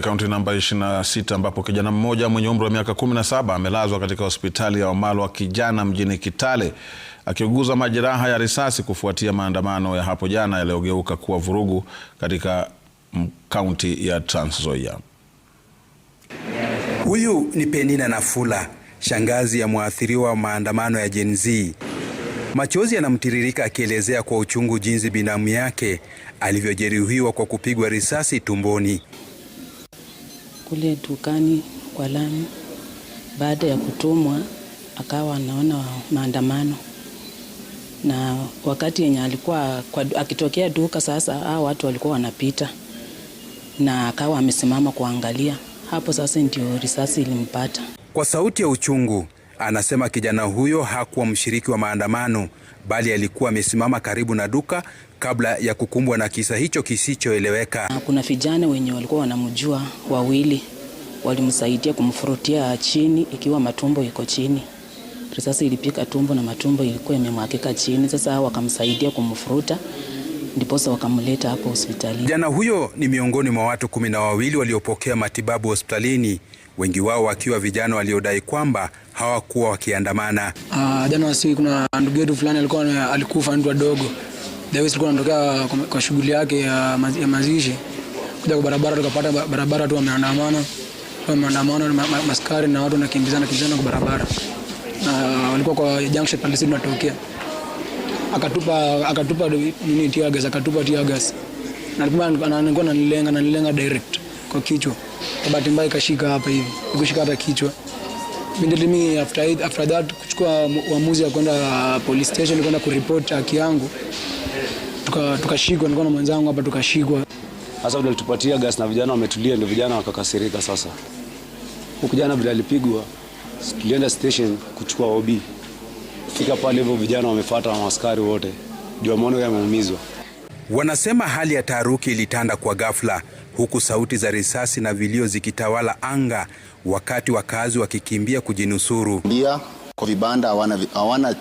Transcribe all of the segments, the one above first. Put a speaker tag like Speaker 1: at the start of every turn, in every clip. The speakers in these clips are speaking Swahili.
Speaker 1: Kaunti namba 26 ambapo kijana mmoja mwenye umri wa miaka 17 amelazwa katika hospitali ya Wamalwa Kijana mjini Kitale akiuguza majeraha ya risasi kufuatia maandamano ya hapo jana yaliyogeuka kuwa vurugu katika kaunti ya Trans Nzoia.
Speaker 2: Huyu ni Penina Nafula, shangazi ya mwathiriwa wa maandamano ya Gen Z. Machozi yanamtiririka akielezea kwa uchungu jinsi binamu yake alivyojeruhiwa kwa kupigwa risasi tumboni
Speaker 3: kule dukani kwa Lamu. Baada ya kutumwa, akawa anaona maandamano, na wakati yenye alikuwa kwa, akitokea duka sasa, hao watu walikuwa wanapita na akawa amesimama kuangalia. Hapo sasa ndio risasi ilimpata
Speaker 1: kwa sauti ya uchungu. Anasema kijana huyo hakuwa mshiriki wa maandamano bali alikuwa amesimama karibu na duka kabla ya kukumbwa na kisa hicho kisichoeleweka.
Speaker 3: Kuna vijana wenye walikuwa wanamjua wawili, walimsaidia kumfurutia chini ikiwa matumbo iko chini. Risasi ilipika tumbo na matumbo ilikuwa imemwagika chini. Sasa wakamsaidia kumfuruta ndiposa wakamleta hapo hospitalini.
Speaker 1: Kijana huyo ni miongoni mwa watu kumi na wawili waliopokea matibabu hospitalini wengi wao wakiwa vijana waliodai kwamba hawakuwa wakiandamana. Uh, jana wasiku kuna
Speaker 4: ndugu yetu fulani alikuwa alikufa mtu wadogo alikuwa anatokea kwa shughuli yake ya mazishi kuja kwa barabara, tukapata barabara tu wameandamana wameandamana maskari na watu wanakimbizana kimbizana kwa barabara, na walikuwa kwa junction pale sisi tunatokea, akatupa akatupa nini, tear gas, akatupa tear gas, na alikuwa ananilenga ananilenga direct kwa kichwa bahati mbaya ikashika hapa hivi, ikushika hapa kichwa. Mimi after after that kuchukua uamuzi wa kwenda police station kwenda kuripoti haki yangu, tukashikwa, tuka na mwenzangu hapa tukashikwa.
Speaker 5: Sasa ndio tupatia gas na vijana wametulia, ndio vijana wakakasirika. Sasa huku jana alipigwa, tulienda station kuchukua OB, fika pale hivyo vijana wamefuata na askari wote, ndio maana yeye ameumizwa.
Speaker 1: Wanasema hali ya taharuki ilitanda kwa ghafla, huku sauti za risasi na vilio zikitawala anga, wakati wakazi wakikimbia kujinusuru.
Speaker 6: Kwa vibanda hawana, hawana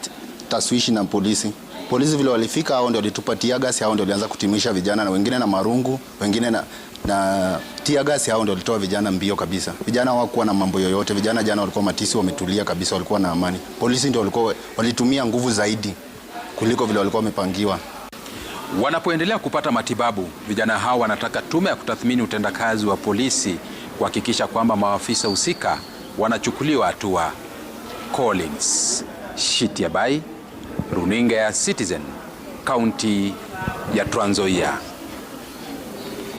Speaker 6: taswishi na polisi. Polisi vile walifika, hao ndio walitupatia gasi, hao ndio walianza kutimisha vijana na wengine na marungu, wengine na, na tia gasi hao ndio walitoa vijana mbio kabisa. Vijana hawakuwa na mambo yoyote, vijana jana walikuwa matisi, wametulia kabisa, walikuwa na amani. Polisi ndio walikuwa walitumia nguvu zaidi kuliko vile walikuwa wamepangiwa.
Speaker 1: Wanapoendelea kupata matibabu, vijana hao wanataka tume ya kutathmini utendakazi wa polisi kuhakikisha kwamba maafisa husika wanachukuliwa hatua. Collins Shitiabai, runinga ya Citizen, kaunti ya Trans Nzoia.